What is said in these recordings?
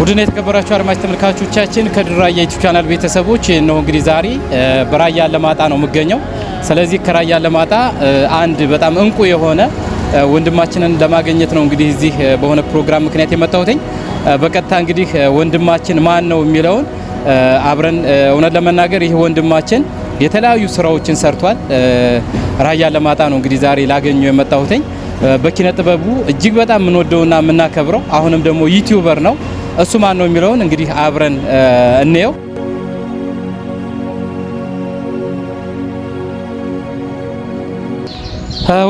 ቡድን የተከበራችሁ አድማጭ ተመልካቾቻችን ከድራያ ዩቲዩብ ቻናል ቤተሰቦች ነው። እንግዲህ ዛሬ በራያ አላማጣ ነው የምገኘው። ስለዚህ ከራያ አላማጣ አንድ በጣም እንቁ የሆነ ወንድማችንን ለማግኘት ነው እንግዲህ እዚህ በሆነ ፕሮግራም ምክንያት የመጣሁትኝ። በቀጥታ እንግዲህ ወንድማችን ማን ነው የሚለውን አብረን እውነት ለመናገር ይህ ወንድማችን የተለያዩ ስራዎችን ሰርቷል። ራያ አላማጣ ነው እንግዲህ ዛሬ ላገኘው የመጣሁትኝ። በኪነ ጥበቡ እጅግ በጣም የምንወደውና የምናከብረው አሁንም ደግሞ ዩቲዩበር ነው እሱ ማን ነው የሚለውን እንግዲህ አብረን እንየው።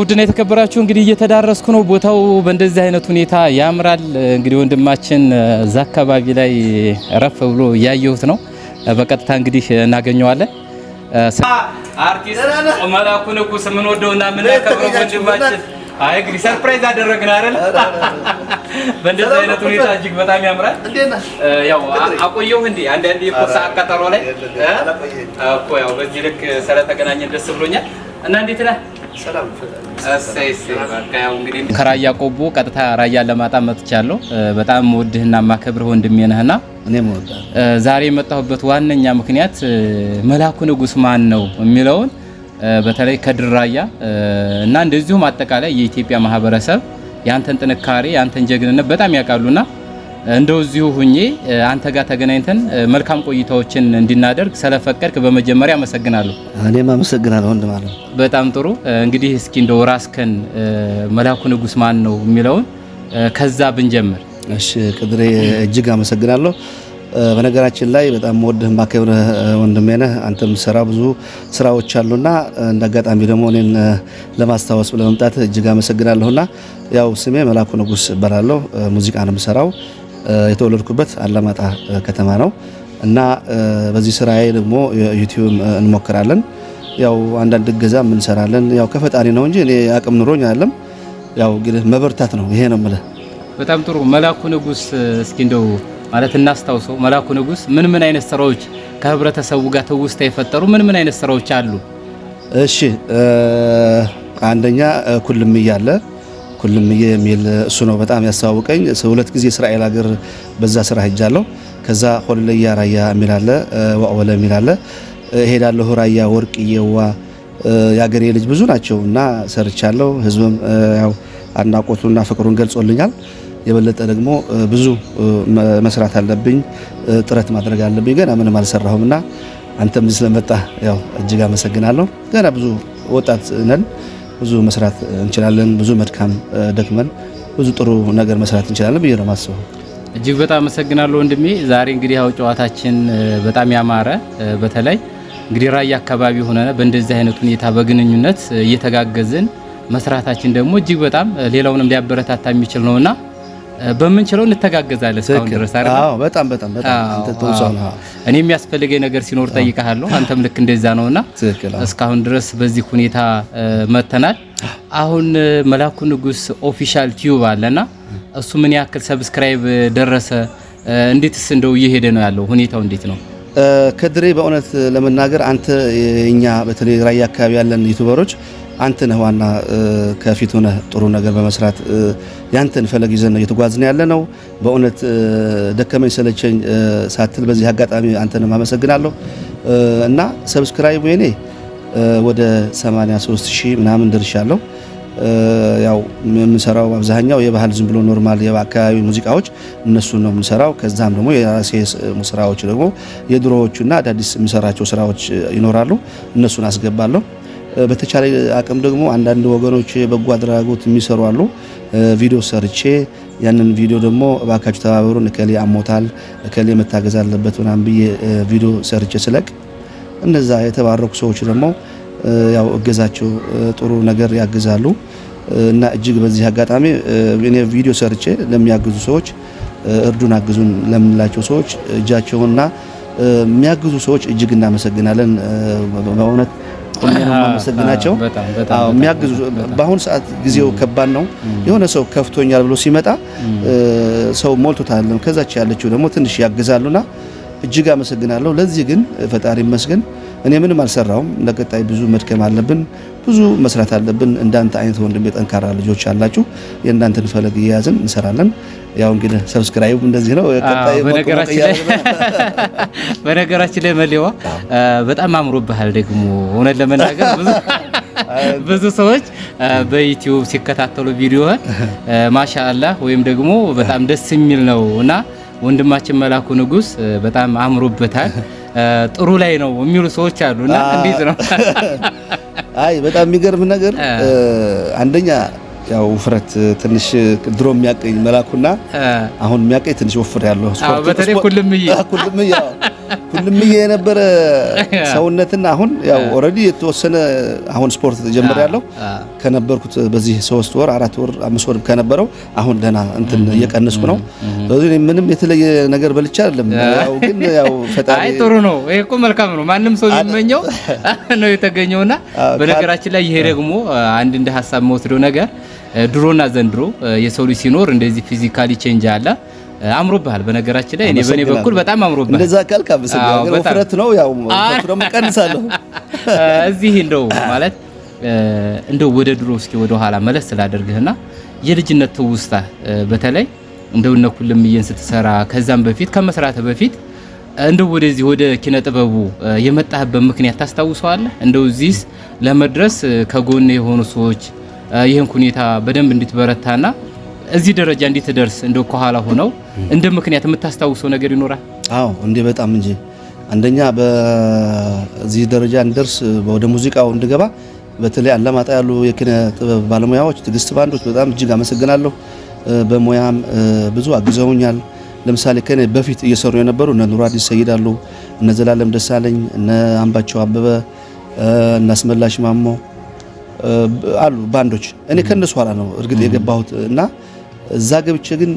ውድና የተከበራችሁ እንግዲህ እየተዳረስኩ ነው። ቦታው በእንደዚህ አይነት ሁኔታ ያምራል። እንግዲህ ወንድማችን እዛ አካባቢ ላይ ረፍ ብሎ እያየሁት ነው። በቀጥታ እንግዲህ እናገኘዋለን። አርቲስት መላኩ ንጉስ የምንወደውና የምናከብረው ወንድማችን አይ እንግዲህ ሰርፕራይዝ አደረግን አይደል? በእንደዚህ አይነት ሁኔታ እጅግ በጣም ያምራል። ያው አቆየው እንዴ አንዳንዴ እኮ ሰዓት ቀጠሮ ላይ እኮ ያው በዚህ ልክ ስለተገናኘን ደስ ብሎኛል። እና እንዴት ነህ? ከራያ ቆቦ ቀጥታ ራያ ለማጣ መጥቻለሁ። በጣም ወድህና ማከብርህ ወንድሜ ነህና ዛሬ የመጣሁበት ዋነኛ ምክንያት መላኩ ንጉስ ማን ነው የሚለውን በተለይ ከድራያ እና እንደዚሁም አጠቃላይ የኢትዮጵያ ማህበረሰብ ያንተን ጥንካሬ ያንተን ጀግንነት በጣም ያውቃሉና እንደዚሁ ሁኜ አንተ ጋር ተገናኝተን መልካም ቆይታዎችን እንድናደርግ ስለፈቀድክ በመጀመሪያ አመሰግናለሁ። እኔም አመሰግናለሁ ወንድም አለ። በጣም ጥሩ እንግዲህ እስኪ እንደው ራስህን መላኩ ንጉስ ማን ነው የሚለውን ከዛ ብንጀምር። እሺ ቅድሬ እጅግ አመሰግናለሁ። በነገራችን ላይ በጣም ወድህ ማከብረ ወንድሜ ነህ። አንተም ስራ ብዙ ስራዎች አሉና እንደ አጋጣሚ ደግሞ እኔን ለማስታወስ ለመምጣት እጅግ አመሰግናለሁና ያው ስሜ መላኩ ንጉስ እባላለሁ። ሙዚቃ ነው የምሰራው። የተወለድኩበት አላማጣ ከተማ ነው እና በዚህ ስራዬ ደግሞ ዩቲዩብ እንሞክራለን። ያው አንዳንድ እገዛ እንሰራለን። ያው ከፈጣሪ ነው እንጂ እኔ አቅም ኑሮኝ አይደለም። ያው መበርታት ነው። ይሄ ነው የምልህ። በጣም ጥሩ መላኩ ንጉስ እስኪ እንደው ማለት እናስታውሰው። መላኩ ንጉስ ምን ምን አይነት ስራዎች ከህብረተሰቡ ጋር ትውስታ የፈጠሩ ምን ምን አይነት ስራዎች አሉ? እሺ አንደኛ ኩልም እያለ ኩልም የሚል እሱ ነው በጣም ያስተዋውቀኝ። ሁለት ጊዜ እስራኤል ሀገር በዛ ስራ ሄጃለሁ። ከዛ ሆልለያ ራያ የሚላለ ዋወለ የሚላለ ሄዳለሁ። ራያ ወርቅ የዋ የአገሬ ልጅ ብዙ ናቸው እና ሰርቻለሁ። ህዝብም ያው አድናቆቱና ፍቅሩን ገልጾልኛል። የበለጠ ደግሞ ብዙ መስራት አለብኝ፣ ጥረት ማድረግ አለብኝ። ገና ምንም አልሰራሁም እና አንተም ስለመጣ ያው እጅግ አመሰግናለሁ። ገና ብዙ ወጣት ነን፣ ብዙ መስራት እንችላለን። ብዙ መድካም ደክመን ብዙ ጥሩ ነገር መስራት እንችላለን ብዬ ነው የማስበው። እጅግ በጣም አመሰግናለሁ ወንድሜ። ዛሬ እንግዲህ ያው ጨዋታችን በጣም ያማረ በተለይ እንግዲህ ራያ አካባቢ ሆነ በእንደዚህ አይነት ሁኔታ በግንኙነት እየተጋገዝን መስራታችን ደግሞ እጅግ በጣም ሌላውንም ሊያበረታታ የሚችል ነውና በምንችለው እንተጋገዛለን። እስካሁን ድረስ በጣም በጣም እኔ የሚያስፈልገኝ ነገር ሲኖር ጠይቀሃለሁ። አንተም ልክ እንደዛ ነውና እስካሁን ድረስ በዚህ ሁኔታ መተናል። አሁን መላኩ ንጉስ ኦፊሻል ቲዩብ አለና እሱ ምን ያክል ሰብስክራይብ ደረሰ? እንዴትስ እንደው እየሄደ ነው ያለው? ሁኔታው እንዴት ነው? ከድሬ በእውነት ለመናገር አንተ እኛ በተለይ ራያ አካባቢ ያለን ዩቱበሮች አንተ ነህ ዋና ከፊት ሆነህ ጥሩ ነገር በመስራት ያንተን ፈለግ ይዘን ነው እየተጓዝን ያለ ነው። በእውነት ደከመኝ ሰለቸኝ ሳትል በዚህ አጋጣሚ አንተንም አመሰግናለሁ እና ሰብስክራይብ ወይኔ ወደ 83 ሺህ ምናምን ደርሻለሁ። ያው የምንሰራው አብዛኛው የባህል ዝም ብሎ ኖርማል የአካባቢ ሙዚቃዎች እነሱን ነው የምንሰራው። ከዛም ደግሞ የራሴ ስራዎች ደግሞ የድሮዎቹና አዳዲስ የምሰራቸው ስራዎች ይኖራሉ። እነሱን አስገባለሁ። በተቻለ አቅም ደግሞ አንዳንድ ወገኖች በጎ አድራጎት የሚሰሩ አሉ። ቪዲዮ ሰርቼ ያንን ቪዲዮ ደግሞ እባካችሁ ተባበሩን፣ እከሌ አሞታል፣ እከሌ መታገዝ አለበት ምናምን ብዬ ቪዲዮ ሰርቼ ስለቅ እነዛ የተባረኩ ሰዎች ደግሞ ያው እገዛቸው ጥሩ ነገር ያግዛሉ እና እጅግ በዚህ አጋጣሚ እኔ ቪዲዮ ሰርቼ ለሚያግዙ ሰዎች እርዱን አግዙን ለምንላቸው ሰዎች እጃቸውና የሚያግዙ ሰዎች እጅግ እናመሰግናለን በእውነት ሁሉንም የሚያግዙ ሰዓት ጊዜው ከባድ ነው። የሆነ ሰው ከፍቶኛል ብሎ ሲመጣ ሰው ሞልቶታል። ከዛች ያለችው ደግሞ ትንሽ ያግዛሉና እጅግ አመሰግናለሁ። ለዚህ ግን ፈጣሪ ይመስገን። እኔ ምንም አልሰራውም። ለቀጣይ ብዙ መድከም አለብን፣ ብዙ መስራት አለብን። እንዳንተ አይነት ወንድም የጠንካራ ልጆች አላችሁ። የእናንተን ፈለግ እየያዝን እንሰራለን። ያው እንግዲህ ሰብስክራይቡ እንደዚህ ነው። በነገራችን ላይ መሌዋ በጣም አምሮብሃል። ደግሞ እውነት ለመናገር ብዙ ሰዎች በዩቲዩብ ሲከታተሉ ቪዲዮን ማሻአላህ ወይም ደግሞ በጣም ደስ የሚል ነው እና ወንድማችን መላኩ ንጉስ በጣም አምሮበታል። ጥሩ ላይ ነው የሚሉ ሰዎች አሉ። እና እንዴት ነው? አይ በጣም የሚገርም ነገር አንደኛ ያው ውፍረት ትንሽ ድሮ የሚያቀኝ መላኩና አሁን የሚያቀኝ ትንሽ ወፍር ያለው በተለይ ይያ ሁሉም የነበረ ሰውነትን አሁን ያው ኦልሬዲ የተወሰነ አሁን ስፖርት ጀምር ያለው ከነበርኩት በዚህ ሶስት ወር አራት ወር አምስት ወር ከነበረው አሁን ደህና እንትን እየቀነስኩ ነው። ስለዚህ ምንም የተለየ ነገር በልቻ አይደለም። ያው ግን ያው ፈጣሪ አይ ጥሩ ነው። ይሄ እኮ መልካም ነው። ማንም ሰው የሚመኘው ነው የተገኘውና በነገራችን ላይ ይሄ ደግሞ አንድ እንደ ሀሳብ መወስደው ነገር ድሮና ዘንድሮ የሰው ልጅ ሲኖር እንደዚህ ፊዚካሊ ቼንጅ አለ አምሮብሃል። በነገራችን ላይ እኔ በኔ በኩል በጣም አምሮብሃል። እንደዛ ካልክ አመሰግናለሁ። ወፍረት ነው ያው ወፍረት ነው ቀንሳለሁ። እዚህ እንደው ማለት እንደው ወደ ድሮ እስኪ ወደ ኋላ መለስ ስላደርግህና የልጅነት ትውስታ በተለይ እንደው እነ ኩልምዬን ስትሰራ ከዛም በፊት ከመስራት በፊት እንደው ወደዚህ ወደ ኪነ ጥበቡ የመጣህበት ምክንያት ታስታውሰዋለህ? እንደው እዚህስ ለመድረስ ከጎን የሆኑ ሰዎች ይህን ሁኔታ በደንብ እንድትበረታና እዚህ ደረጃ እንዴት ደርስ እንደው ከኋላ ሆነው እንደ ምክንያት የምታስታውሰው ነገር ይኖራል? አዎ እንዴ በጣም እንጂ አንደኛ በዚህ ደረጃ እንደርስ ወደ ሙዚቃው እንድገባ በተለይ አላማጣ ያሉ የኪነ ጥበብ ባለሙያዎች ትግስት ባንዶች በጣም እጅግ አመሰግናለሁ። በሙያም ብዙ አግዘውኛል። ለምሳሌ ከኔ በፊት እየሰሩ የነበሩ እነ ኑር አዲስ ሰይዳሉ፣ እነ ዘላለም ደሳለኝ፣ እነ አምባቸው አበበ፣ እነ አስመላሽ ማሞ አሉ ባንዶች። እኔ ከነሱ ኋላ ነው እርግጥ የገባሁት እና እዛ ገብቼ ግን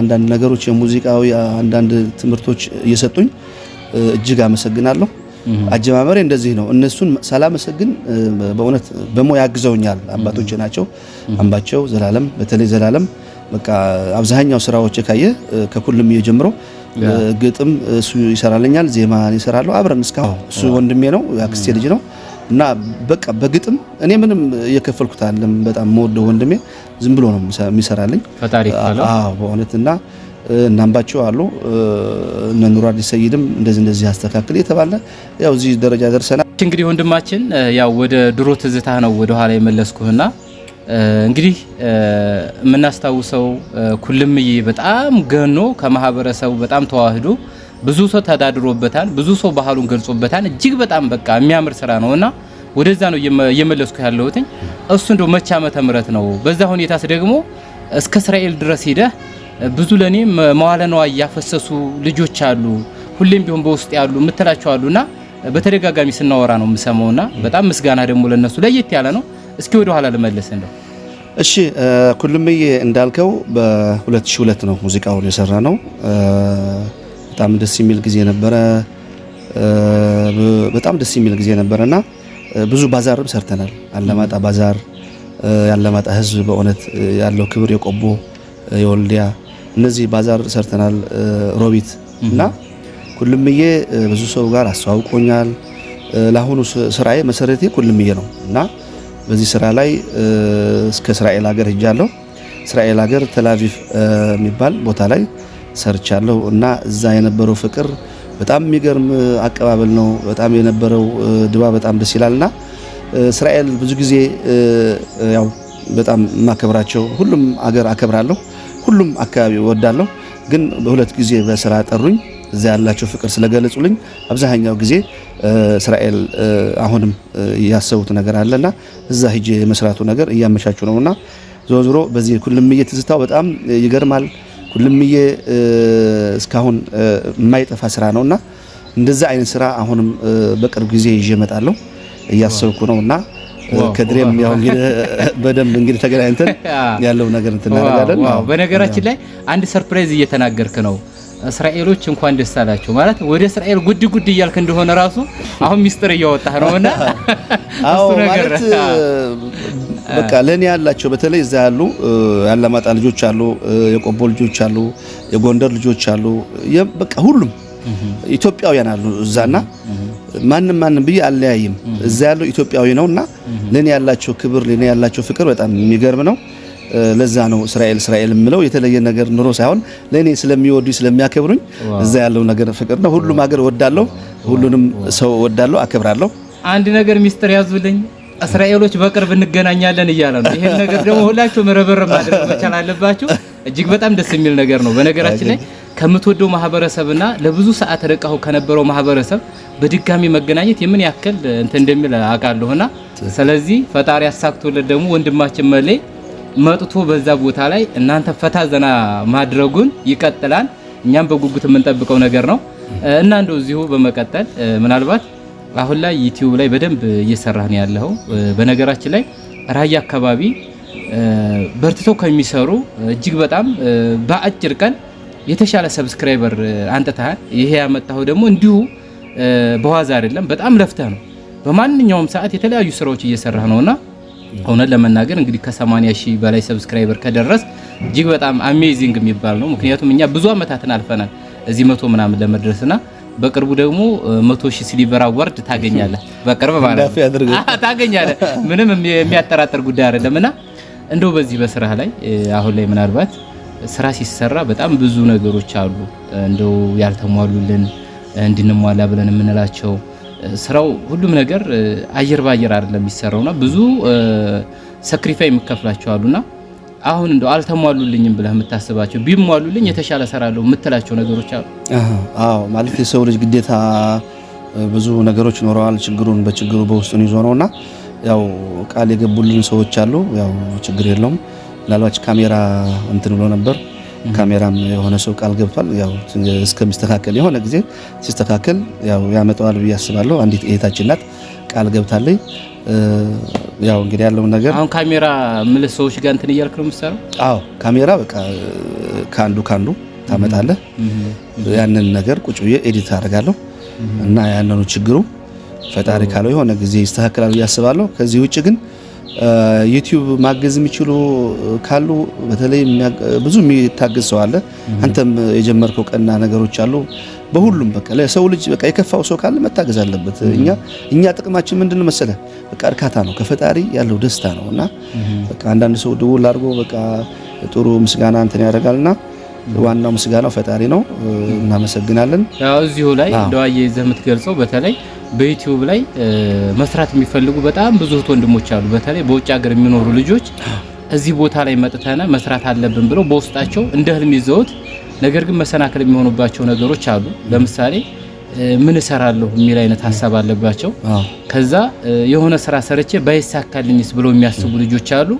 አንዳንድ ነገሮች የሙዚቃዊ አንዳንድ ትምህርቶች እየሰጡኝ እጅግ አመሰግናለሁ። አጀማመሬ እንደዚህ ነው። እነሱን ሳላመሰግን በእውነት በሞ አግዘውኛል። አባቶቼ ናቸው። አምባቸው ዘላለም፣ በተለይ ዘላለም በቃ አብዛኛው ስራዎች ካየ ከሁሉም እየጀምሮ ግጥም እሱ ይሰራልኛል፣ ዜማ ይሰራለሁ አብረን እስካሁን እሱ ወንድሜ ነው፣ ያክስቴ ልጅ ነው። እና በቃ በግጥም እኔ ምንም የከፈልኩት አይደለም። በጣም መወደው ወንድሜ ዝም ብሎ ነው የሚሰራልኝ ፈጣሪ ካለው አዎ በእውነት እና እናንባቸው አሉ እነ ኑር አዲስ ሰይድም እንደዚህ እንደዚህ ያስተካክል የተባለ ያው እዚህ ደረጃ ደርሰናል። እንግዲህ ወንድማችን ያው ወደ ድሮ ትዝታ ነው ወደ ኋላ የመለስኩህና እንግዲህ የምናስታውሰው ኩልምዬ በጣም ገኖ ከማህበረሰቡ በጣም ተዋህዶ ብዙ ሰው ተዳድሮበታል። ብዙ ሰው ባህሉን ገልጾበታል። እጅግ በጣም በቃ የሚያምር ስራ ነውና ወደዛ ነው እየመለስኩ ያለሁት። እሱ እንደው መቼ ዓመተ ምህረት ነው? በዛ ሁኔታስ ደግሞ እስከ እስራኤል ድረስ ሂደህ ብዙ ለኔ መዋለ ነዋይ ያፈሰሱ ልጆች አሉ፣ ሁሌም ቢሆን በውስጥ ያሉ የምትላቸው አሉና በተደጋጋሚ ስናወራ ነው የምሰማውና በጣም ምስጋና ደግሞ ለነሱ ለየት ያለ ነው። እስኪ ወደ ኋላ ልመልስ እንደው እሺ ኩልምዬ እንዳልከው በ2002 ነው ሙዚቃውን የሰራ ነው። በጣም ደስ የሚል ጊዜ ነበረ። በጣም ደስ የሚል ጊዜ ነበረ እና ብዙ ባዛርም ሰርተናል። አለማጣ ባዛር፣ የአለማጣ ህዝብ በእውነት ያለው ክብር፣ የቆቦ የወልዲያ እነዚህ ባዛር ሰርተናል። ሮቢት እና ኩልምዬ ብዙ ሰው ጋር አስተዋውቆኛል። ለአሁኑ ስራዬ መሰረቴ ኩልምዬ ነው እና በዚህ ስራ ላይ እስከ እስራኤል ሀገር ሄጃለሁ። እስራኤል ሀገር ተላቪቭ የሚባል ቦታ ላይ ሰርቻለሁ እና እዛ የነበረው ፍቅር በጣም የሚገርም አቀባበል ነው። በጣም የነበረው ድባ በጣም ደስ ይላልና እስራኤል ብዙ ጊዜ ያው በጣም የማከብራቸው ሁሉም አገር አከብራለሁ፣ ሁሉም አካባቢ እወዳለሁ። ግን በሁለት ጊዜ በስራ ጠሩኝ። እዛ ያላቸው ፍቅር ስለገለጹልኝ አብዛኛው ጊዜ እስራኤል አሁንም ያሰቡት ነገር አለና እዛ ሂጄ የመስራቱ ነገር እያመቻቹ ነውና ዞሮ ዞሮ በዚህ ሁሉም እየትዝታው በጣም ይገርማል። ሁልምዬ እስካሁን የማይጠፋ ስራ ነው ነውና እንደዛ አይነት ስራ አሁንም በቅርብ ጊዜ ይዤ እመጣለሁ እያሰብኩ ነውና ከድሬም ያው እንግዲህ በደንብ እንግዲህ ተገናኝተን ያለው ነገር እንትናደርጋለን። በነገራችን ላይ አንድ ሰርፕራይዝ እየተናገርክ ነው። እስራኤሎች እንኳን ደስ አላቸው ማለት ወደ እስራኤል ጉድ ጉድ እያልክ እንደሆነ ራሱ አሁን ሚስጥር እያወጣህ ነው። አዎ ማለት በቃ ለእኔ ያላቸው በተለይ እዛ ያሉ ያለማጣ ልጆች አሉ፣ የቆቦ ልጆች አሉ፣ የጎንደር ልጆች አሉ። በቃ ሁሉም ኢትዮጵያውያን አሉ እዛና ማንም ማንም ብዬ አለያይም። እዛ ያለው ኢትዮጵያዊ ነው እና ለእኔ ያላቸው ክብር፣ ለእኔ ያላቸው ፍቅር በጣም የሚገርም ነው። ለዛ ነው እስራኤል እስራኤል የምለው የተለየ ነገር ኑሮ ሳይሆን ለእኔ ስለሚወዱኝ ስለሚያከብሩኝ እዛ ያለው ነገር ፍቅር ነው። ሁሉም ሀገር እወዳለሁ፣ ሁሉንም ሰው ወዳለሁ አከብራለሁ። አንድ ነገር ሚስጥር ያዙልኝ እስራኤሎች በቅርብ እንገናኛለን እያለ ነው። ይሄን ነገር ደግሞ ሁላችሁ ረበረ ማድረግ መቻል አለባችሁ። እጅግ በጣም ደስ የሚል ነገር ነው። በነገራችን ላይ ከምትወደው ማህበረሰብና ለብዙ ሰዓት ርቀው ከነበረው ማህበረሰብ በድጋሚ መገናኘት የምን ያክል እንትን እንደሚል አውቃለሁና ስለዚህ ፈጣሪ ያሳክቶለት ደግሞ ወንድማችን መሌ መጥቶ በዛ ቦታ ላይ እናንተ ፈታ ዘና ማድረጉን ይቀጥላል። እኛም በጉጉት የምንጠብቀው ነገር ነው እና እንደው እዚሁ በመቀጠል ምናልባት አሁን ላይ ዩቲዩብ ላይ በደንብ እየሰራህ ነው ያለው። በነገራችን ላይ ራያ አካባቢ በርትተው ከሚሰሩ እጅግ በጣም በአጭር ቀን የተሻለ ሰብስክራይበር አንጥተሃል። ይሄ ያመጣኸው ደግሞ እንዲሁ በዋዛ አይደለም፣ በጣም ለፍተህ ነው። በማንኛውም ሰዓት የተለያዩ ስራዎች እየሰራህ ነውና እውነት ለመናገር እንግዲህ ከ80 ሺህ በላይ ሰብስክራይበር ከደረስ እጅግ በጣም አሜዚንግ የሚባል ነው። ምክንያቱም እኛ ብዙ አመታትን አልፈናል እዚህ መቶ ምናምን ለመድረስና በቅርቡ ደግሞ 100 ሺህ ሲሊቨር አዋርድ ታገኛለህ። በቅርብ ማለት ነው ታገኛለህ። ምንም የሚያጠራጥር ጉዳይ አይደለም። እና እንደው በዚህ በስራ ላይ አሁን ላይ ምናልባት ስራ ሲሰራ በጣም ብዙ ነገሮች አሉ እንደው ያልተሟሉልን እንድንሟላ ብለን የምንላቸው ስራው ሁሉም ነገር አየር ባየር አይደለም የሚሰራውና ብዙ ሰክሪፋይ የሚከፍላቸው አሉና አሁን እንደው አልተሟሉልኝም ብለህ የምታስባቸው ቢሟሉልኝ የተሻለ ሰራለሁ የምትላቸው ነገሮች አሉ? አዎ ማለት የሰው ልጅ ግዴታ ብዙ ነገሮች ይኖረዋል። ችግሩን በችግሩ በውስጡን ይዞ ነውና ያው ቃል የገቡልን ሰዎች አሉ። ያው ችግር የለውም ምናልባት ካሜራ እንትን ብሎ ነበር። ካሜራም የሆነ ሰው ቃል ገብቷል። ያው እስከሚስተካከል የሆነ ጊዜ ሲስተካከል ያው ያመጣዋል ብዬ አስባለሁ። አንዲት እህታችን ናት ቃል ገብታለኝ ያው እንግዲህ ያለው ነገር አሁን ካሜራ ምልስ ሰዎች ጋር እንትን እያልክ ነው የምትሰራው? አዎ ካሜራ በቃ ካንዱ ካንዱ ታመጣለህ። ያንን ነገር ቁጭ ብዬ ኤዲት አደርጋለሁ እና ያንኑ ችግሩ ፈጣሪ ካለው የሆነ ጊዜ ይስተካከላል ብዬ አስባለሁ። ከዚህ ውጭ ግን ዩቲዩብ ማገዝ የሚችሉ ካሉ በተለይ ብዙ የሚታገዝ ሰው አለ። አንተም የጀመርከው ቀና ነገሮች አሉ በሁሉም በቃ ለሰው ልጅ በቃ የከፋው ሰው ካለ መታገዝ አለበት። እኛ እኛ ጥቅማችን ምንድነው መሰለ በቃ እርካታ ነው ከፈጣሪ ያለው ደስታ ነው። እና በቃ አንዳንድ ሰው ድውል አድርጎ በቃ ጥሩ ምስጋና እንትን ያደርጋልና ዋናው ምስጋናው ፈጣሪ ነው። እናመሰግናለን። ያው እዚሁ ላይ እንደዋየ ይዘህ የምትገልጸው በተለይ በዩቲዩብ ላይ መስራት የሚፈልጉ በጣም ብዙ እህት ወንድሞች አሉ። በተለይ በውጭ ሀገር የሚኖሩ ልጆች እዚህ ቦታ ላይ መጥተነ መስራት አለብን ብለው በውስጣቸው እንደ ህልም ይዘውት ነገር ግን መሰናክል የሚሆኑባቸው ነገሮች አሉ። ለምሳሌ ምን እሰራለሁ የሚል አይነት ሀሳብ አለባቸው። ከዛ የሆነ ስራ ሰርቼ ባይሳካልኝስ ብለው የሚያስቡ ልጆች አሉ።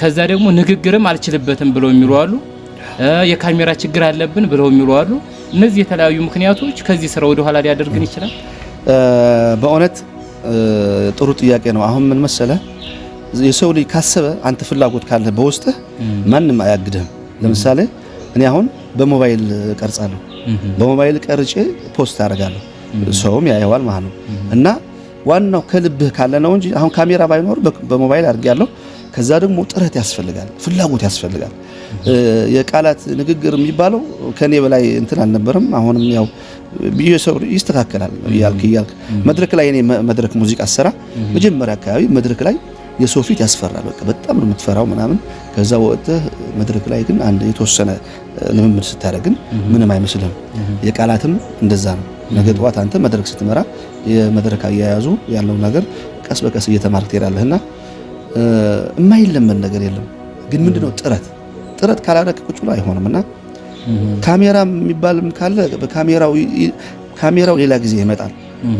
ከዛ ደግሞ ንግግርም አልችልበትም ብለው የሚሉ አሉ። የካሜራ ችግር አለብን ብለው የሚሉ አሉ። እነዚህ የተለያዩ ምክንያቶች ከዚህ ስራ ወደ ኋላ ሊያደርግን ይችላል። በእውነት ጥሩ ጥያቄ ነው። አሁን ምን መሰለ፣ የሰው ልጅ ካሰበ አንተ ፍላጎት ካለ በውስጥህ ማንም አያግድህም። ለምሳሌ እኔ አሁን በሞባይል ቀርጻለሁ። በሞባይል ቀርጬ ፖስት አደርጋለሁ። ሰውም ያየዋል ማለት ነው። እና ዋናው ከልብህ ካለ ነው እንጂ አሁን ካሜራ ባይኖር በሞባይል አድርጌያለሁ። ከዛ ደግሞ ጥረት ያስፈልጋል፣ ፍላጎት ያስፈልጋል። የቃላት ንግግር የሚባለው ከኔ በላይ እንትን አልነበረም። አሁንም ያው ሰው ይስተካከላል እያልክ እያልክ መድረክ ላይ እኔ መድረክ ሙዚቃ ስሰራ መጀመሪያ አካባቢ መድረክ ላይ የሰው ፊት ያስፈራል። በቃ በጣም ነው የምትፈራው ምናምን። ከዛ ወጥተህ መድረክ ላይ ግን አንድ የተወሰነ ልምምድ ስታደርግን ምንም አይመስልም? የቃላትም እንደዛ ነው። ነገ ጠዋት አንተ መድረክ ስትመራ የመድረክ አያያዙ ያለው ነገር ቀስ በቀስ እየተማርክ ትሄዳለህና የማይለመድ ነገር የለም። ግን ምንድነው ጥረት ጥረት ካላደረክ ቁጭ ብሎ አይሆንም እና ካሜራ የሚባልም ካለ ካሜራው ሌላ ጊዜ ይመጣል።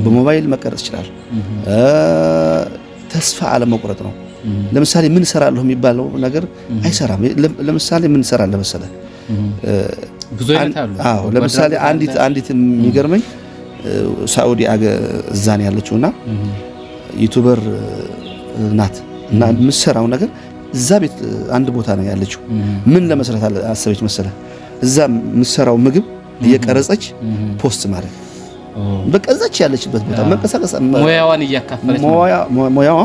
በሞባይል መቀረጽ ይችላል። ተስፋ አለመቁረጥ ነው። ለምሳሌ ምን እሰራለሁ የሚባለው ነገር አይሰራም። ለምሳሌ ምን እሰራለሁ መሰለህ? አዎ ለምሳሌ አንዲት አንዲት የሚገርመኝ ሳኡዲ አገ እዛን ያለችው እና ዩቱበር ናት እና የምትሰራው ነገር እዛ ቤት አንድ ቦታ ነው ያለችው። ምን ለመስራት አሰበች መሰለህ? እዛ የምትሰራው ምግብ እየቀረጸች ፖስት ማለት በቃ እዛች ያለችበት ቦታ መንቀሳቀስ ሙያዋን እያካፈለች ሙያዋ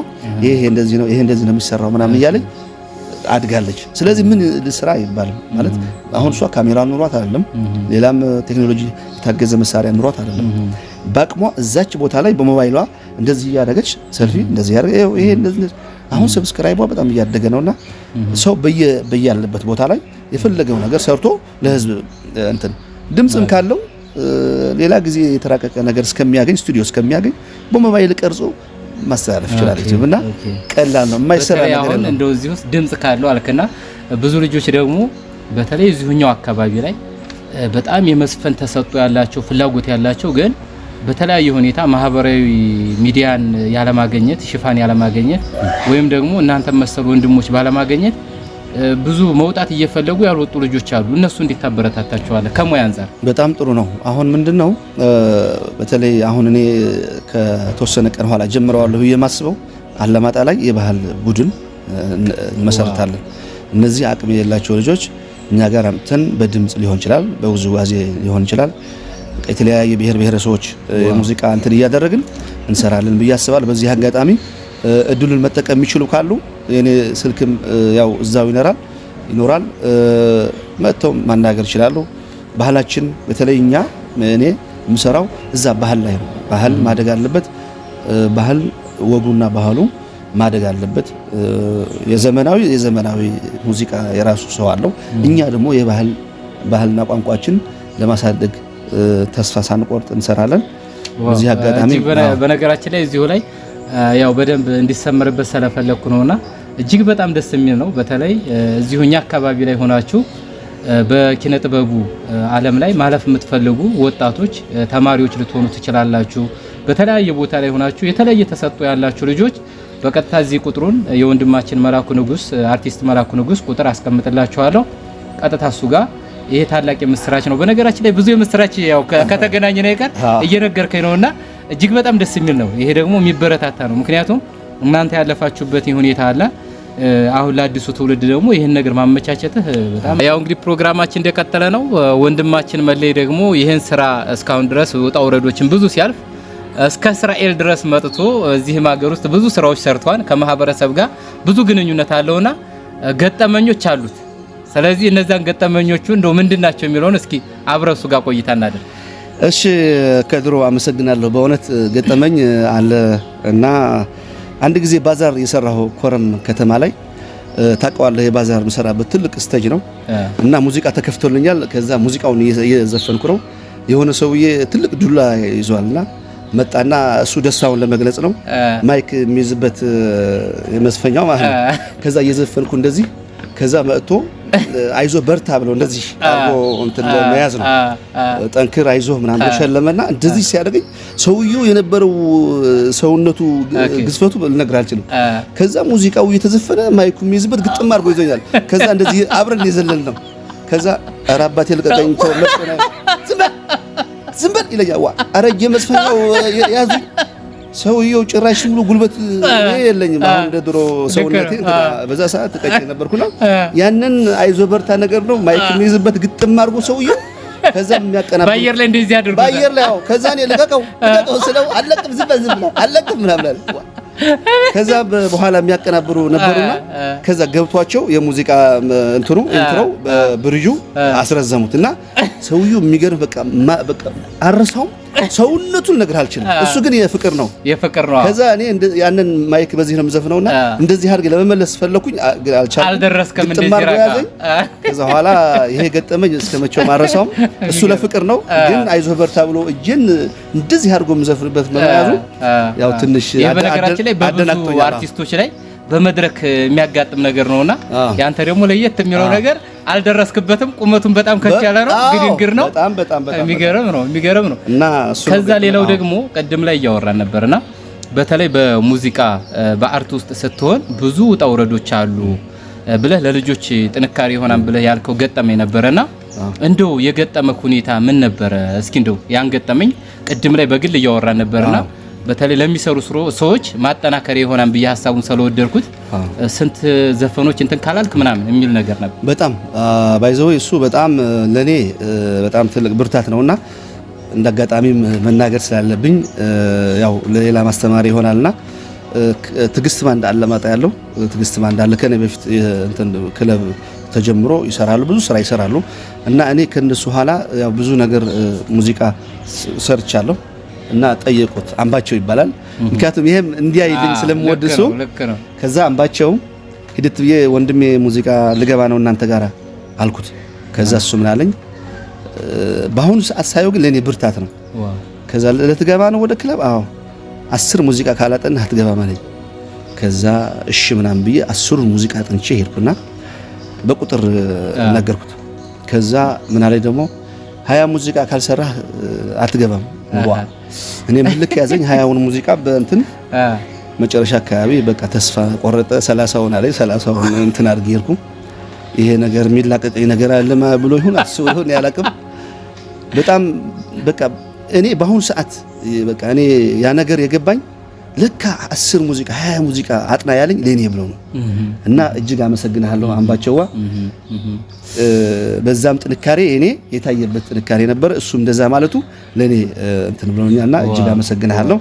ይሄ እንደዚህ ነው፣ ይሄ እንደዚህ ነው የሚሰራው ምናምን እያለች አድጋለች። ስለዚህ ምን ስራ አይባልም ማለት አሁን እሷ ካሜራ ኑሯት አይደለም፣ ሌላም ቴክኖሎጂ የታገዘ መሳሪያ ኑሯት አይደለም። በአቅሟ እዛች ቦታ ላይ በሞባይሏ እንደዚህ እያደረገች ሰልፊ እንደዚህ ያደረገ ይሄ እንደዚህ አሁን ሰብስክራይቧ በጣም እያደገ ነውና ሰው በየ በያለበት ቦታ ላይ የፈለገው ነገር ሰርቶ ለህዝብ እንትን ድምፅም ካለው ሌላ ጊዜ የተራቀቀ ነገር እስከሚያገኝ ስቱዲዮ እስከሚያገኝ በሞባይል ቀርጾ ማስተላለፍ ይችላል። ዩቲዩብ እና ቀላል ነው፣ የማይሰራ ነገር ነው። እንደው እዚህ ውስጥ ድምጽ ካለው አልከና፣ ብዙ ልጆች ደግሞ በተለይ እዚሁኛው አካባቢ ላይ በጣም የመስፈን ተሰጥቶ ያላቸው ፍላጎት ያላቸው ግን በተለያየ ሁኔታ ማህበራዊ ሚዲያን ያለማገኘት ሽፋን ያለማገኘት ወይም ደግሞ እናንተ መሰሉ ወንድሞች ባለማገኘት። ብዙ መውጣት እየፈለጉ ያልወጡ ልጆች አሉ። እነሱ እንዴት ታበረታታቸዋለህ? ከሙያ አንጻር በጣም ጥሩ ነው። አሁን ምንድን ነው በተለይ አሁን እኔ ከተወሰነ ቀን ኋላ ጀምረዋለሁ የማስበው አለማጣ ላይ የባህል ቡድን እንመሰርታለን። እነዚህ አቅም የሌላቸው ልጆች እኛ ጋር አምጥተን በድምፅ ሊሆን ይችላል፣ በውዝዋዜ ሊሆን ይችላል የተለያየ ብሔር ብሔረሰቦች የሙዚቃ እንትን እያደረግን እንሰራለን ብዬ አስባለሁ። በዚህ አጋጣሚ እድሉን መጠቀም የሚችሉ ካሉ የኔ ስልክም ያው እዛው ይኖራል ይኖራል መጥተው ማናገር ይችላሉ። ባህላችን በተለይ እኛ እኔ የምሰራው እዛ ባህል ላይ ነው። ባህል ማደግ አለበት። ባህል ወጉና ባህሉ ማደግ አለበት። የዘመናዊ የዘመናዊ ሙዚቃ የራሱ ሰው አለው። እኛ ደግሞ የባህል ባህልና ቋንቋችን ለማሳደግ ተስፋ ሳንቆርጥ እንሰራለን። በዚህ አጋጣሚ በነገራችን ላይ እዚሁ ላይ ያው በደንብ እንዲሰመርበት ስለፈለግኩ ነውና እጅግ በጣም ደስ የሚል ነው። በተለይ እዚሁ እኛ አካባቢ ላይ ሆናችሁ በኪነ ጥበቡ ዓለም ላይ ማለፍ የምትፈልጉ ወጣቶች ተማሪዎች ልትሆኑ ትችላላችሁ። በተለያየ ቦታ ላይ ሆናችሁ የተለየ ተሰጥኦ ያላችሁ ልጆች በቀጥታ እዚህ ቁጥሩን የወንድማችን መላኩ ንጉስ አርቲስት መላኩ ንጉስ ቁጥር አስቀምጥላችኋለሁ። ቀጥታ እሱ ጋር ይሄ ታላቅ የምስራች ነው። በነገራችን ላይ ብዙ የምስራች ያው ከተገናኘ ነው ይቀር እየነገርከኝ ነውና እጅግ በጣም ደስ የሚል ነው። ይሄ ደግሞ የሚበረታታ ነው። ምክንያቱም እናንተ ያለፋችሁበት ሁኔታ አለ። አሁን ለአዲሱ ትውልድ ደግሞ ይህን ነገር ማመቻቸትህ በጣም ያው እንግዲህ ፕሮግራማችን እንደቀጠለ ነው። ወንድማችን መለይ ደግሞ ይህን ስራ እስካሁን ድረስ ውጣ ውረዶችን ብዙ ሲያልፍ እስከ እስራኤል ድረስ መጥቶ እዚህም ሀገር ውስጥ ብዙ ስራዎች ሰርቷል። ከማህበረሰብ ጋር ብዙ ግንኙነት አለውና ገጠመኞች አሉት። ስለዚህ እነዛን ገጠመኞቹ እንደው ምንድን ናቸው የሚለውን እስኪ አብረሱ ጋር ቆይታ እናደርግ። እሺ ከድሮ አመሰግናለሁ። በእውነት ገጠመኝ አለ እና አንድ ጊዜ ባዛር የሰራሁ ኮረም ከተማ ላይ ታውቀዋለህ። የባዛር የምሰራበት ትልቅ ስቴጅ ነው እና ሙዚቃ ተከፍቶልኛል። ከዛ ሙዚቃውን እየዘፈንኩ ነው። የሆነ ሰውዬ ትልቅ ዱላ ይዟልና መጣና እሱ ደስታውን ለመግለጽ ነው ማይክ የሚይዝበት የመዝፈኛው ማለት ነው። ከዛ እየዘፈንኩ እንደዚህ ከዛ መጥቶ አይዞ በርታ ብለው እንደዚህ አርጎ እንትን መያዝ ነው። ጠንክር አይዞ ምናምን ተሸለመና እንደዚህ ሲያደርገኝ ሰውየው የነበረው ሰውነቱ ግዝፈቱ ልነግር አልችልም። ከዛ ሙዚቃው እየተዘፈነ ማይኩ የሚይዝበት ግጥም አድርጎ ይዞኛል። ከዛ እንደዚህ አብረን የዘለል ነው። ከዛ ኧረ አባቴ ልቀቀኝ ዝም በል ይለኛል። ኧረ የመዝፈኛው ያዙኝ ሰውየው ጭራሽ ብሎ ጉልበት የለኝም። አሁን እንደ ድሮ ሰውነቴ በዛ ሰዓት ተቀጭ ነበርኩና ያንን አይዞ በርታ ነገር ነው ማይክ የሚይዝበት ግጥም አድርጎ ሰውየው ከዛ የሚያቀናብ ባየር ላይ እንደዚህ አድርጎ ባየር ላይ አዎ፣ ከዛ ነው ልቀቀው ልቀቀው ስለው አለቅም፣ ዝም በል ዝም ብላ አለቅም ምናምን ከዛ በኋላ የሚያቀናብሩ ነበሩና ከዛ ገብቷቸው የሙዚቃ እንትሩ ኢንትሮው ብርጁ አስረዘሙትና ሰውዬው የሚገርም በቃ አረሳውም። ሰውነቱን ነገር አልችልም። እሱ ግን የፍቅር ነው የፍቅር ነው። ከዛ እኔ ያንን ማይክ በዚህ ነው የምዘፍነውና እንደዚህ አድርጌ ለመመለስ ፈለኩኝ፣ አልቻልኩም። አልደረስከም እንደዚህ ያዘኝ። ከዛ በኋላ ይሄ ገጠመኝ እስከመቼው አረሳውም። እሱ ለፍቅር ነው ግን አይዞህ በርታ ብሎ እጄን እንደዚህ አድርጎ የምዘፍንበት መያዙ ያው ትንሽ አደናቅቶኛል። አርቲስቶች ላይ በመድረክ የሚያጋጥም ነገር ነውና ያንተ ደግሞ ለየት የሚለው ነገር አልደረስክበትም። ቁመቱን በጣም ከፍ ያለ ነው፣ ግድግር ነው። የሚገርም ነው፣ የሚገርም ነው። ከዛ ሌላው ደግሞ ቅድም ላይ እያወራን ነበርና በተለይ በሙዚቃ በአርት ውስጥ ስትሆን ብዙ ውጣ ውረዶች አሉ ብለህ ለልጆች ጥንካሬ ይሆናል ብለህ ያልከው ገጠመኝ ነበረና እንደው የገጠመህ ሁኔታ ምን ነበረ? እስኪ እንደው ያን ገጠመኝ ቅድም ላይ በግል እያወራን ነበርና በተለይ ለሚሰሩ ሰዎች ማጠናከሪያ ይሆናል ብዬ ሀሳቡን ስለወደድኩት ስንት ዘፈኖች እንትን ካላልክ ምናምን የሚል ነገር ነበር። በጣም ባይዘው እሱ በጣም ለኔ በጣም ትልቅ ብርታት ነውና እንደ አጋጣሚም መናገር ስላለብኝ ያው ለሌላ ማስተማሪ ይሆናልና ትግስት እንዳለ ማጣ ያለው ትግስት እንዳለ ከኔ በፊት ክለብ ተጀምሮ ይሰራሉ፣ ብዙ ስራ ይሰራሉ እና እኔ ከነሱ ኋላ ያው ብዙ ነገር ሙዚቃ ሰርቻለሁ እና ጠየቁት። አምባቸው ይባላል። ምክንያቱም ይሄም እንዲያይልኝ ስለምወድሱ ከዛ አምባቸው ሂደት ብዬ ወንድሜ ሙዚቃ ልገባ ነው እናንተ ጋር አልኩት። ከዛ እሱ ምን አለኝ፣ በአሁኑ ሰዓት ሳየው ግን ለእኔ ብርታት ነው። ከዛ ለትገባ ነው ወደ ክለብ? አዎ አስር ሙዚቃ ካላጠና አትገባ ማለኝ። ከዛ እሺ ምናምን ብዬ አስሩ ሙዚቃ አጥንቼ ሄድኩና በቁጥር ነገርኩት። ከዛ ምን አለኝ ደግሞ ሀያ ሙዚቃ ካልሰራህ አትገባም። እኔ ምልክ ያዘኝ ሀያውን ሙዚቃ በእንትን መጨረሻ አካባቢ በቃ ተስፋ ቆረጠ። ሰላሳውን አለ ሰላሳውን እንትን አድርጌ ሄድኩ። ይሄ ነገር የሚላቀቀኝ ነገር አለ ብሎ ይሁን አስቦ ይሁን ያላቅም በጣም በቃ እኔ በአሁኑ ሰዓት በቃ እኔ ያ ነገር የገባኝ ለካ አስር ሙዚቃ ሀያ ሙዚቃ አጥና ያለኝ ለኔ ብለው ነው። እና እጅግ አመሰግናለሁ አምባቸዋ። በዛም ጥንካሬ እኔ የታየበት ጥንካሬ ነበረ። እሱም እንደዛ ማለቱ ለኔ እንትን እና እጅግ አመሰግናለሁ።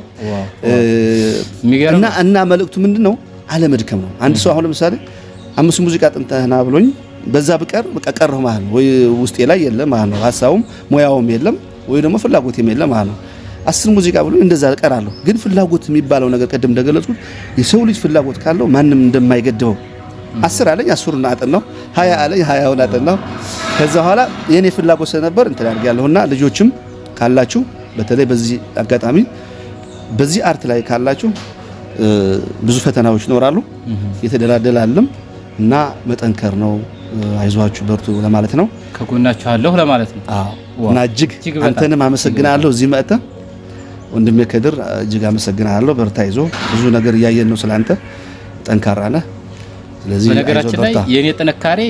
እና እና መልእክቱ ምንድነው? አለመድከም ነው። አንድ ሰው አሁን ለምሳሌ አምስት ሙዚቃ አጥንተህና ብሎኝ በዛ ብቀር በቃ ቀረሁ ማለት ነው። ወይ ውስጤ ላይ የለም ማለት ነው። ሀሳቡም ሙያውም የለም ወይ ደግሞ ፍላጎቴም የለም ማለት ነው። አስር ሙዚቃ ብሎ እንደዛ እቀራለሁ። ግን ፍላጎት የሚባለው ነገር ቅድም እንደገለጽኩት የሰው ልጅ ፍላጎት ካለው ማንም እንደማይገድበው አስር አለኝ አስሩን አጠናው፣ ሀያ አለኝ ሀያውን አጠናው። ከዛ በኋላ የኔ ፍላጎት ስለነበር እንትን አድርጌያለሁና ልጆችም ካላችሁ በተለይ በዚህ አጋጣሚ በዚህ አርት ላይ ካላችሁ ብዙ ፈተናዎች ይኖራሉ። የተደላደላለም እና መጠንከር ነው። አይዟችሁ በርቱ ለማለት ነው። ከጎናችሁ አለሁ ለማለት ነው እና እጅግ አንተንም አመሰግናለሁ እዚህ መጥተህ ወንድሜ ከድር እጅግ አመሰግናለሁ። በርታ፣ ይዞ ብዙ ነገር እያየን ነው ስላንተ፣ ጠንካራ ነህ። ስለዚህ በነገራችን ላይ የእኔ ጥንካሬ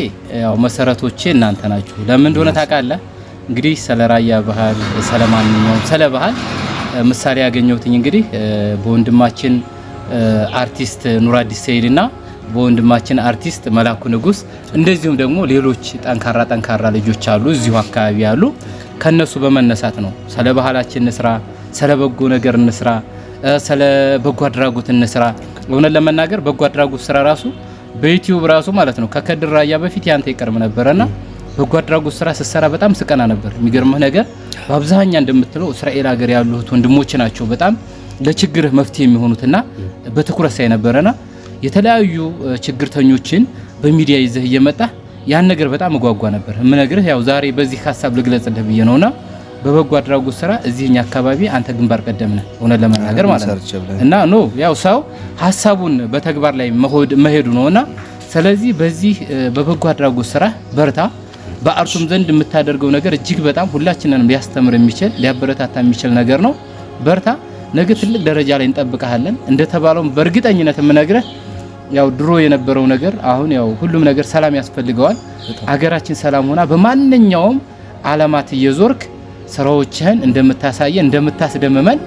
ያው መሰረቶቼ እናንተ ናችሁ። ለምን እንደሆነ ታውቃለህ። እንግዲህ ስለ ራያ ባህል፣ ስለ ማንኛውም ስለ ባህል ምሳሌ ያገኘሁትኝ እንግዲህ በወንድማችን አርቲስት ሰይድ ሰይድና በወንድማችን አርቲስት መላኩ ንጉስ እንደዚሁም ደግሞ ሌሎች ጠንካራ ጠንካራ ልጆች አሉ እዚሁ አካባቢ ያሉ ከነሱ በመነሳት ነው ስለ ባህላችን ስራ ስለ በጎ ነገር እንስራ፣ ስለ በጎ አድራጎት እንስራ። እውነት ለመናገር በጎ አድራጎት ስራ ራሱ በዩቲዩብ ራሱ ማለት ነው ከከድር ራያ በፊት ያንተ ይቀርም ነበረና በጎ አድራጎት ስራ ስሰራ በጣም ስቀና ነበር። የሚገርምህ ነገር በአብዛኛ እንደምትለው እስራኤል ሀገር ያሉት ወንድሞች ናቸው በጣም ለችግርህ መፍትሄ የሚሆኑትና በትኩረት ሳይ ነበረና የተለያዩ ችግርተኞችን በሚዲያ ይዘህ እየመጣ ያን ነገር በጣም እጓጓ ነበር። ምነግርህ ያው ዛሬ በዚህ ሀሳብ ልግለጽልህ ብዬ ነውና በበጎ አድራጎት ስራ እዚህኛ አካባቢ አንተ ግንባር ቀደም ነህ፣ እውነት ለመናገር ማለት ነው። እና ኖ ያው ሰው ሀሳቡን በተግባር ላይ መሄዱ ነው እና ስለዚህ በዚህ በበጎ አድራጎት ስራ በርታ። በአርሱም ዘንድ የምታደርገው ነገር እጅግ በጣም ሁላችንን ሊያስተምር የሚችል ሊያበረታታ የሚችል ነገር ነው። በርታ። ነገ ትልቅ ደረጃ ላይ እንጠብቀሃለን። እንደተባለውም በእርግጠኝነት የምነግረህ ያው ድሮ የነበረው ነገር አሁን ያው ሁሉም ነገር ሰላም ያስፈልገዋል። አገራችን ሰላም ሆና በማንኛውም አለማት እየዞርክ ስራዎችህን እንደምታሳየን እንደምታስደምመን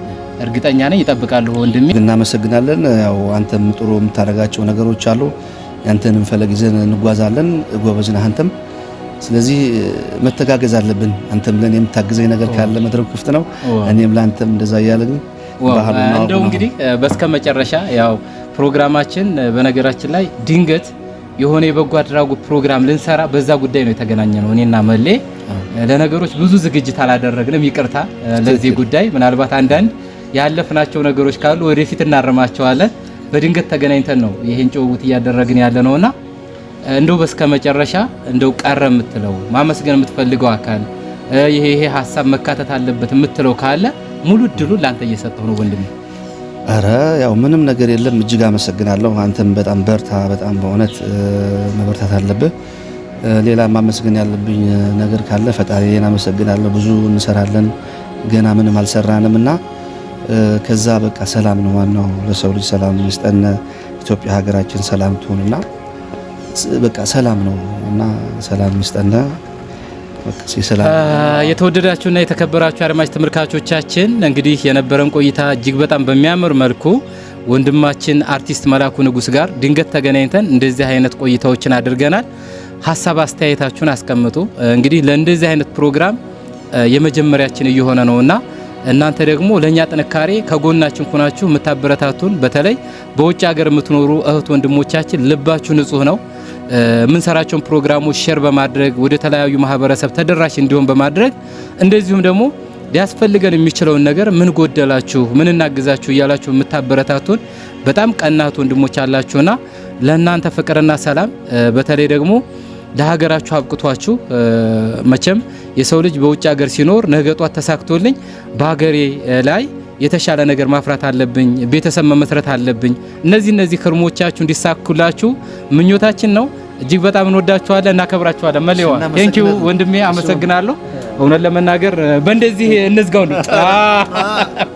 እርግጠኛ ነኝ። ይጠብቃለሁ ወንድሜ። እናመሰግናለን። ያው አንተም ጥሩ የምታደርጋቸው ነገሮች አሉ። ያንተን እንፈለግ ይዘን እንጓዛለን። ጎበዝ ነህ አንተም። ስለዚህ መተጋገዝ አለብን። አንተም ለእኔ የምታግዘኝ ነገር ካለ መድረክ ክፍት ነው። እኔም ለአንተም እንደዛ እያለግን እንደው እንግዲህ በስከ መጨረሻ ያው ፕሮግራማችን በነገራችን ላይ ድንገት የሆነ የበጎ አድራጎት ፕሮግራም ልንሰራ በዛ ጉዳይ ነው የተገናኘ ነው እኔና መሌ። ለነገሮች ብዙ ዝግጅት አላደረግንም፣ ይቅርታ ለዚህ ጉዳይ። ምናልባት አንዳንድ ያለፍናቸው ነገሮች ካሉ ወደፊት እናርማቸዋለን። በድንገት ተገናኝተን ነው ይህን ጭውውት እያደረግን ያለ ነውና እንደው በስከ መጨረሻ እንደው ቀረ የምትለው ማመስገን የምትፈልገው አካል ይሄ ይሄ ሀሳብ መካተት አለበት የምትለው ካለ ሙሉ እድሉን ላንተ እየሰጠው ነው ወንድሜ። አረ ያው ምንም ነገር የለም። እጅግ አመሰግናለሁ። አንተም በጣም በርታ። በጣም በእውነት መበርታት አለብህ። ሌላ ማመስገን ያለብኝ ነገር ካለ ፈጣሪን አመሰግናለሁ። ብዙ እንሰራለን፣ ገና ምንም አልሰራንም እና ከዛ በቃ ሰላም ነው ዋናው። ለሰው ልጅ ሰላም ይስጠን። ኢትዮጵያ ሀገራችን ሰላም ትሁንና በቃ ሰላም ነው እና ሰላም ይስጠን። የተወደዳችሁና የተከበራችሁ አድማጭ ተመልካቾቻችን እንግዲህ የነበረን ቆይታ እጅግ በጣም በሚያምር መልኩ ወንድማችን አርቲስት መላኩ ንጉስ ጋር ድንገት ተገናኝተን እንደዚህ አይነት ቆይታዎችን አድርገናል። ሀሳብ አስተያየታችሁን አስቀምጡ። እንግዲህ ለእንደዚህ አይነት ፕሮግራም የመጀመሪያችን እየሆነ ነውና እናንተ ደግሞ ለእኛ ጥንካሬ ከጎናችን ሆናችሁ የምታበረታቱን በተለይ በውጭ ሀገር የምትኖሩ እህት ወንድሞቻችን ልባችሁ ንጹህ ነው። የምንሰራቸውን ፕሮግራሞች ሼር በማድረግ ወደ ተለያዩ ማህበረሰብ ተደራሽ እንዲሆን በማድረግ እንደዚሁም ደግሞ ሊያስፈልገን የሚችለውን ነገር ምን ጎደላችሁ፣ ምን እናግዛችሁ እያላችሁ የምታበረታቱን በጣም ቀናት ወንድሞች አላችሁና ለእናንተ ፍቅርና ሰላም በተለይ ደግሞ ለሀገራችሁ አብቅቷችሁ። መቼም የሰው ልጅ በውጭ ሀገር ሲኖር ነገ ጧት ተሳክቶልኝ በሀገሬ ላይ የተሻለ ነገር ማፍራት አለብኝ፣ ቤተሰብ መመስረት አለብኝ። እነዚህ እነዚህ ህልሞቻችሁ እንዲሳኩላችሁ ምኞታችን ነው። እጅግ በጣም እንወዳችኋለን፣ እናከብራችኋለን። መለዋ ቴንኪው ወንድሜ፣ አመሰግናለሁ። እውነት ለመናገር በእንደዚህ እንዝጋው ነው